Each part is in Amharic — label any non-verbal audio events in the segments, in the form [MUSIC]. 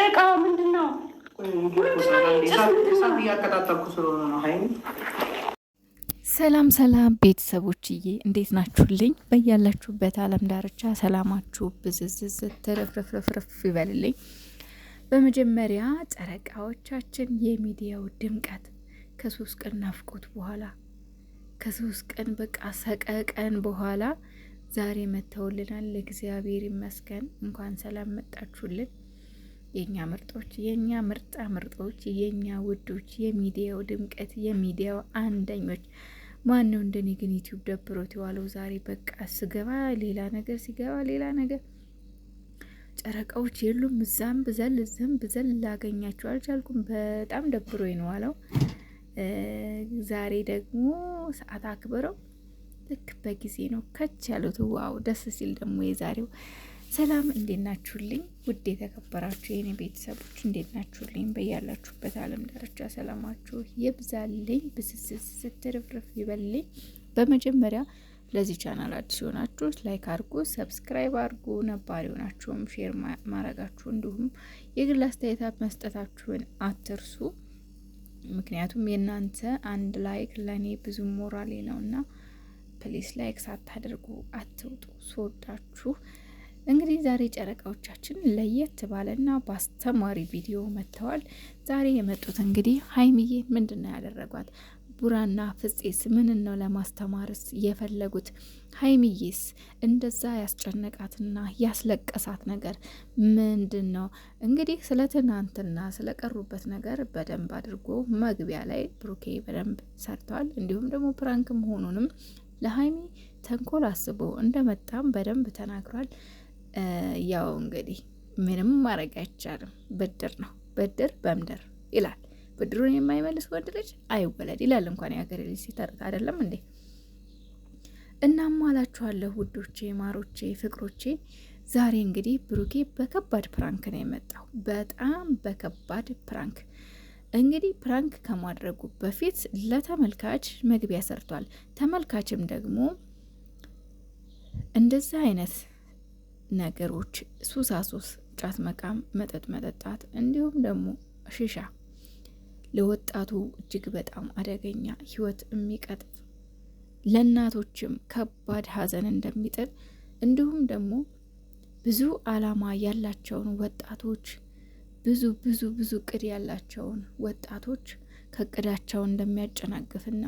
እቃው ምንድን ነው? ሰላም ሰላም ቤተሰቦችዬ እንዴት ናችሁልኝ? በያላችሁበት አለም ዳርቻ ሰላማችሁ ብዝዝዝ ትርፍርፍርፍ ይበልልኝ። በመጀመሪያ ጨረቃዎቻችን የሚዲያው ድምቀት ከሶስት ቀን ናፍቆት በኋላ ከሶስት ቀን በቃ ሰቀቀን በኋላ ዛሬ መተውልናል። እግዚአብሔር ይመስገን። እንኳን ሰላም መጣችሁልን። የእኛ ምርጦች፣ የእኛ ምርጣ ምርጦች፣ የእኛ ውዶች፣ የሚዲያው ድምቀት፣ የሚዲያው አንደኞች ማን ነው እንደኔ ግን ዩቲዩብ ደብሮት የዋለው? ዛሬ በቃ ስገባ ሌላ ነገር፣ ሲገባ ሌላ ነገር። ጨረቃዎች የሉም። እዛም ብዘል እዚህም ብዘል ላገኛቸው አልቻልኩም። በጣም ደብሮ ነው ዛሬ ደግሞ ሰዓት አክብረው ልክ በጊዜ ነው ከች ያሉት። ዋው ደስ ሲል ደግሞ የዛሬው ሰላም እንዴት ናችሁልኝ? ውድ የተከበራችሁ የኔ ቤተሰቦች እንዴት ናችሁልኝ? በያላችሁበት ዓለም ዳርቻ ሰላማችሁ ይብዛልኝ፣ ብስስስ ስትርፍርፍ ይበልኝ። በመጀመሪያ ለዚህ ቻናል አዲስ የሆናችሁ ላይክ አድርጉ፣ ሰብስክራይብ አድርጉ፣ ነባር የሆናችሁም ሼር ማድረጋችሁ እንዲሁም የግል አስተያየታት መስጠታችሁን አትርሱ። ምክንያቱም የእናንተ አንድ ላይክ ለእኔ ብዙ ሞራሌ ነውና ፕሊስ ላይክ ሳታደርጉ አትውጡ። ስወዳችሁ እንግዲህ ዛሬ ጨረቃዎቻችን ለየት ባለና በአስተማሪ ቪዲዮ መጥተዋል። ዛሬ የመጡት እንግዲህ ሀይሚዬ ምንድን ነው ያደረጓት? ቡራና ፍፄስ ምን ነው ለማስተማርስ የፈለጉት? ሀይሚዬስ እንደዛ ያስጨነቃትና ያስለቀሳት ነገር ምንድን ነው? እንግዲህ ስለ ትናንትና ስለቀሩበት ነገር በደንብ አድርጎ መግቢያ ላይ ብሩኬ በደንብ ሰርተዋል። እንዲሁም ደግሞ ፕራንክ መሆኑንም ለሀይሚ ተንኮል አስቦ እንደመጣም በደንብ ተናግሯል። ያው እንግዲህ ምንም ማድረግ አይቻልም። ብድር ነው ብድር በምድር ይላል። ብድሩን የማይመልስ ወንድ ልጅ አይወለድ ይላል። እንኳን የሀገሬ ልጅ ሲተርት አይደለም እንዴ? እናም አላችኋለሁ ውዶቼ፣ ማሮቼ፣ ፍቅሮቼ ዛሬ እንግዲህ ብሩኬ በከባድ ፕራንክ ነው የመጣው። በጣም በከባድ ፕራንክ እንግዲህ ፕራንክ ከማድረጉ በፊት ለተመልካች መግቢያ ሰርቷል። ተመልካችም ደግሞ እንደዚህ አይነት ነገሮች ሱሳሱስ፣ ጫት መቃም፣ መጠጥ መጠጣት እንዲሁም ደግሞ ሽሻ ለወጣቱ እጅግ በጣም አደገኛ ህይወት የሚቀጥፍ ለእናቶችም ከባድ ሀዘን እንደሚጥል እንዲሁም ደግሞ ብዙ አላማ ያላቸውን ወጣቶች ብዙ ብዙ ብዙ እቅድ ያላቸውን ወጣቶች ከእቅዳቸው እንደሚያጨናግፍና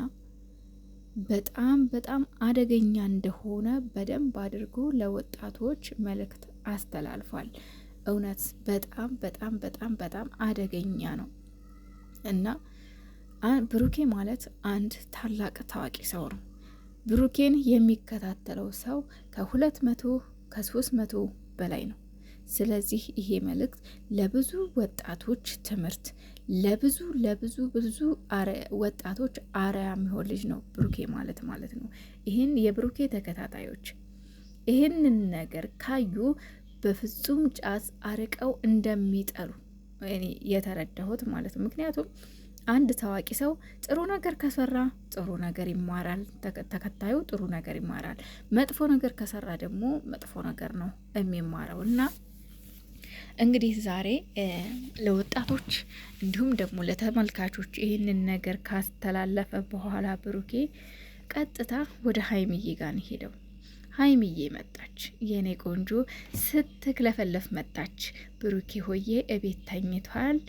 በጣም በጣም አደገኛ እንደሆነ በደንብ አድርጎ ለወጣቶች መልእክት አስተላልፏል። እውነት በጣም በጣም በጣም በጣም አደገኛ ነው እና ብሩኬ ማለት አንድ ታላቅ ታዋቂ ሰው ነው። ብሩኬን የሚከታተለው ሰው ከሁለት መቶ ከሶስት መቶ በላይ ነው። ስለዚህ ይሄ መልእክት ለብዙ ወጣቶች ትምህርት፣ ለብዙ ለብዙ ብዙ ወጣቶች አርአያ የሚሆን ልጅ ነው ብሩኬ ማለት ማለት ነው። ይህን የብሩኬ ተከታታዮች ይህንን ነገር ካዩ በፍጹም ጫት አርቀው እንደሚጠሉ እኔ የተረዳሁት ማለት ነው። ምክንያቱም አንድ ታዋቂ ሰው ጥሩ ነገር ከሰራ ጥሩ ነገር ይማራል፣ ተከታዩ ጥሩ ነገር ይማራል። መጥፎ ነገር ከሰራ ደግሞ መጥፎ ነገር ነው የሚማረው እና እንግዲህ ዛሬ ለወጣቶች እንዲሁም ደግሞ ለተመልካቾች ይህንን ነገር ካስተላለፈ በኋላ ብሩኬ ቀጥታ ወደ ሀይሚዬ ጋር ሄደው። ሀይሚዬ መጣች፣ የኔ ቆንጆ ስትክለፈለፍ መጣች። ብሩኬ ሆዬ እቤት ተኝቷል፣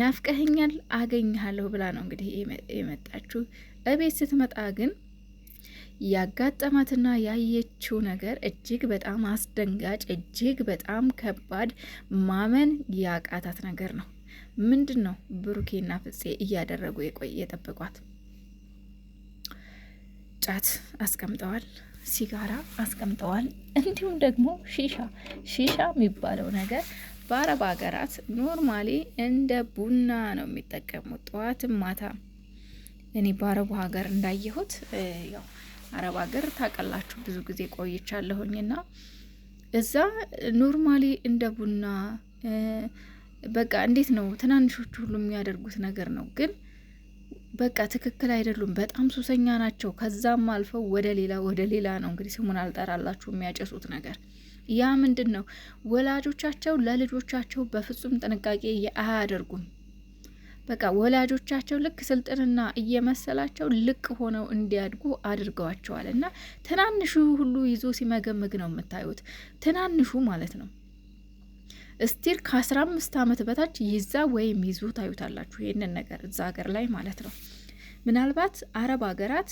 ናፍቀህኛል አገኘሃለሁ ብላ ነው እንግዲህ የመጣችሁ። እቤት ስትመጣ ግን ያጋጠማትና ያየችው ነገር እጅግ በጣም አስደንጋጭ፣ እጅግ በጣም ከባድ ማመን ያቃታት ነገር ነው። ምንድን ነው ብሩኬና ፍፄ እያደረጉ የቆይ የጠበቋት? ጫት አስቀምጠዋል፣ ሲጋራ አስቀምጠዋል፣ እንዲሁም ደግሞ ሺሻ ሺሻ የሚባለው ነገር በአረብ ሀገራት ኖርማሊ እንደ ቡና ነው የሚጠቀሙት፣ ጠዋትም ማታ። እኔ በአረቡ ሀገር እንዳየሁት ያው አረብ ሀገር ታቀላችሁ ብዙ ጊዜ ቆይቻለሁኝና እዛ ኖርማሊ እንደ ቡና በቃ እንዴት ነው ትናንሾቹ ሁሉ የሚያደርጉት ነገር ነው። ግን በቃ ትክክል አይደሉም። በጣም ሱሰኛ ናቸው። ከዛም አልፈው ወደ ሌላ ወደ ሌላ ነው እንግዲህ ስሙን አልጠራላችሁ የሚያጨሱት ነገር ያ ምንድን ነው? ወላጆቻቸው ለልጆቻቸው በፍጹም ጥንቃቄ አያደርጉም። በቃ ወላጆቻቸው ልክ ስልጥንና እየመሰላቸው ልቅ ሆነው እንዲያድጉ አድርገዋቸዋል። እና ትናንሹ ሁሉ ይዞ ሲመገምግ ነው የምታዩት፣ ትናንሹ ማለት ነው። እስቲል ከአስራ አምስት አመት በታች ይዛ ወይም ይዙ ታዩታላችሁ፣ ይህንን ነገር እዛ ሀገር ላይ ማለት ነው። ምናልባት አረብ ሀገራት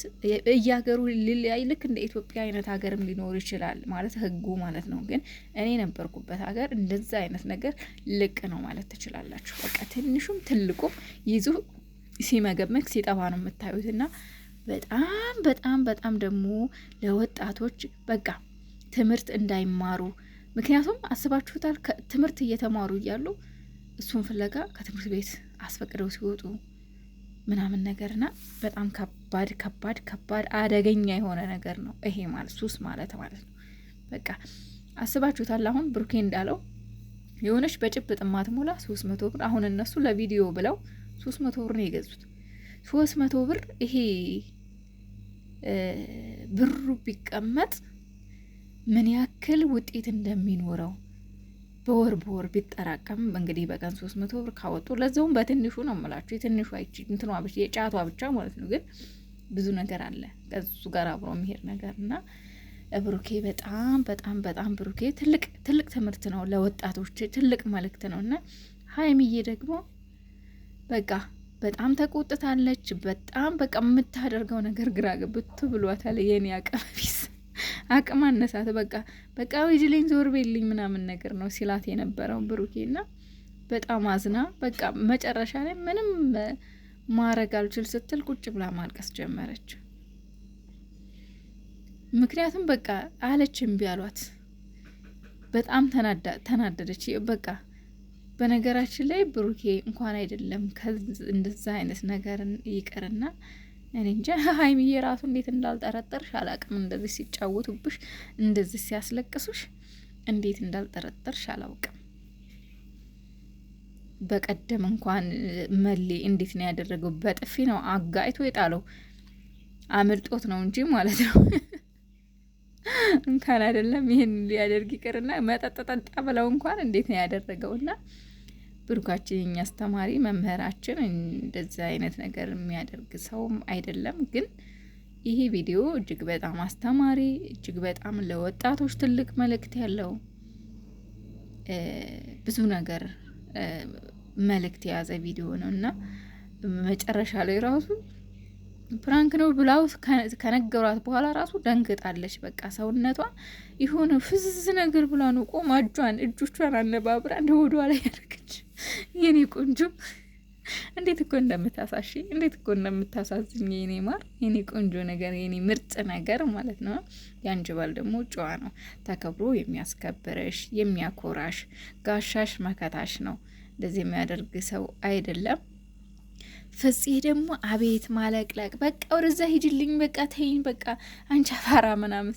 እያገሩ ሊለያይ ልክ እንደ ኢትዮጵያ አይነት ሀገርም ሊኖር ይችላል ማለት ህጉ ማለት ነው። ግን እኔ የነበርኩበት ሀገር እንደዛ አይነት ነገር ልቅ ነው ማለት ትችላላችሁ። በቃ ትንሹም ትልቁም ይዙ ሲመገመክ ሲጠፋ ነው የምታዩት። እና በጣም በጣም በጣም ደግሞ ለወጣቶች በቃ ትምህርት እንዳይማሩ ምክንያቱም አስባችሁታል፣ ትምህርት እየተማሩ እያሉ እሱን ፍለጋ ከትምህርት ቤት አስፈቅደው ሲወጡ ምናምን ነገርና በጣም ከባድ ከባድ ከባድ አደገኛ የሆነ ነገር ነው ይሄ ማለት ሱስ ማለት ማለት ነው። በቃ አስባችሁታል። አሁን ብሩኬ እንዳለው የሆነች በጭብ ጥማት ሞላ ሶስት መቶ ብር አሁን እነሱ ለቪዲዮ ብለው ሶስት መቶ ብር ነው የገዙት። ሶስት መቶ ብር ይሄ ብሩ ቢቀመጥ ምን ያክል ውጤት እንደሚኖረው በወር በወር ቢጠራቀም እንግዲህ በቀን ሶስት መቶ ብር ካወጡ ለዚውም በትንሹ ነው የምላችሁ የትንሹ አይቺ እንትኗ ብቻ የጫቷ ብቻ ማለት ነው። ግን ብዙ ነገር አለ ከሱ ጋር አብሮ የሚሄድ ነገር እና ብሩኬ በጣም በጣም በጣም ብሩኬ ትልቅ ትልቅ ትምህርት ነው ለወጣቶች ትልቅ መልእክት ነው እና ሀይሚዬ ደግሞ በቃ በጣም ተቆጥታለች። በጣም በቃ የምታደርገው ነገር ግራ ገብቶ ብሏታል። የኔ አቀባቢስ አቅም አነሳት። በቃ በቃ ወጅልኝ ዞር ቤልኝ ምናምን ነገር ነው ሲላት የነበረው ብሩኬና በጣም አዝና በቃ መጨረሻ ላይ ምንም ማረግ አልችል ስትል ቁጭ ብላ ማልቀስ ጀመረች። ምክንያቱም በቃ አለች እምቢ አሏት። በጣም ተናደደች። በቃ በነገራችን ላይ ብሩኬ እንኳን አይደለም ከእንደዛ አይነት ነገር ይቅርና እኔ እንጃ [LAUGHS] ሀይሚዬ ራሱ እንዴት እንዳልጠረጠርሽ አላቅም። እንደዚህ ሲጫወቱብሽ፣ እንደዚህ ሲያስለቅሱሽ እንዴት እንዳልጠረጠርሽ አላውቅም። በቀደም እንኳን መሌ እንዴት ነው ያደረገው? በጥፊ ነው አጋይቶ የጣለው። አምልጦት ነው እንጂ ማለት ነው [LAUGHS] እንኳን አይደለም ይህን ሊያደርግ ይቅርና መጠጥ ጠጣ ብለው እንኳን እንዴት ነው ያደረገውና ብሩካችን የኛ አስተማሪ መምህራችን እንደዚህ አይነት ነገር የሚያደርግ ሰውም አይደለም። ግን ይህ ቪዲዮ እጅግ በጣም አስተማሪ፣ እጅግ በጣም ለወጣቶች ትልቅ መልእክት ያለው ብዙ ነገር መልእክት የያዘ ቪዲዮ ነው እና መጨረሻ ላይ ራሱ ፕራንክ ነው ብላው ከነገሯት በኋላ ራሱ ደንግጣለች። በቃ ሰውነቷ የሆነ ፍዝዝ ነገር ብላ ነው ቆማ እጇን እጆቿን አነባብራ እንደ ወዷ ላይ ያደረገች የኔ ቆንጆ እንዴት እኮ እንደምታሳሽ እንዴት እኮ እንደምታሳዝኝ የኔ ማር የኔ ቆንጆ ነገር የኔ ምርጥ ነገር ማለት ነው። የአንቺ ባል ደግሞ ጨዋ ነው፣ ተከብሮ የሚያስከብርሽ የሚያኮራሽ፣ ጋሻሽ መከታሽ ነው። እንደዚህ የሚያደርግ ሰው አይደለም። ፍፄ ደግሞ አቤት ማለቅለቅ። በቃ ወደዛ ሂጅልኝ፣ በቃ ተይኝ፣ በቃ አንቺ አፋራ ምናምን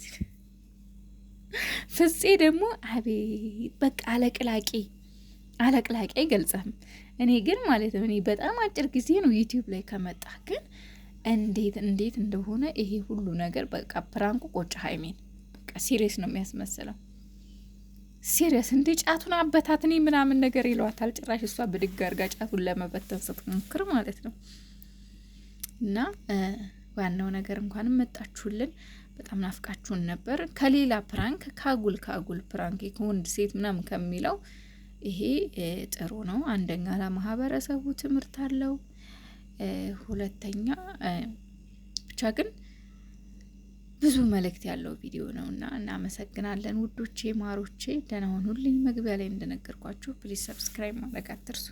ሲል ደግሞ አቤት በቃ አለቅላቂ አለቅላቂ አይገልጸም። እኔ ግን ማለት ነው እኔ በጣም አጭር ጊዜ ነው ዩቲዩብ ላይ ከመጣ ግን እንዴት እንዴት እንደሆነ ይሄ ሁሉ ነገር በቃ ፕራንኩ ቆጭ ሀይሜን በቃ ሲሪየስ ነው የሚያስመስለው። ሲሪየስ እንዴ ጫቱን አበታት እኔ ምናምን ነገር ይለዋታል። ጭራሽ እሷ ብድግ አድርጋ ጫቱን ለመበተን ስትሞክር ማለት ነው። እና ዋናው ነገር እንኳንም መጣችሁልን። በጣም ናፍቃችሁን ነበር። ከሌላ ፕራንክ ከአጉል ከአጉል ፕራንክ ከወንድ ሴት ምናምን ከሚለው ይሄ ጥሩ ነው። አንደኛ ለማህበረሰቡ ትምህርት አለው፣ ሁለተኛ ብቻ ግን ብዙ መልእክት ያለው ቪዲዮ ነው እና እናመሰግናለን ውዶቼ ማሮቼ። ደህና ሁኑልኝ። መግቢያ ላይ እንደነገርኳችሁ ፕሊዝ ሰብስክራይብ ማድረግ አትርሱ።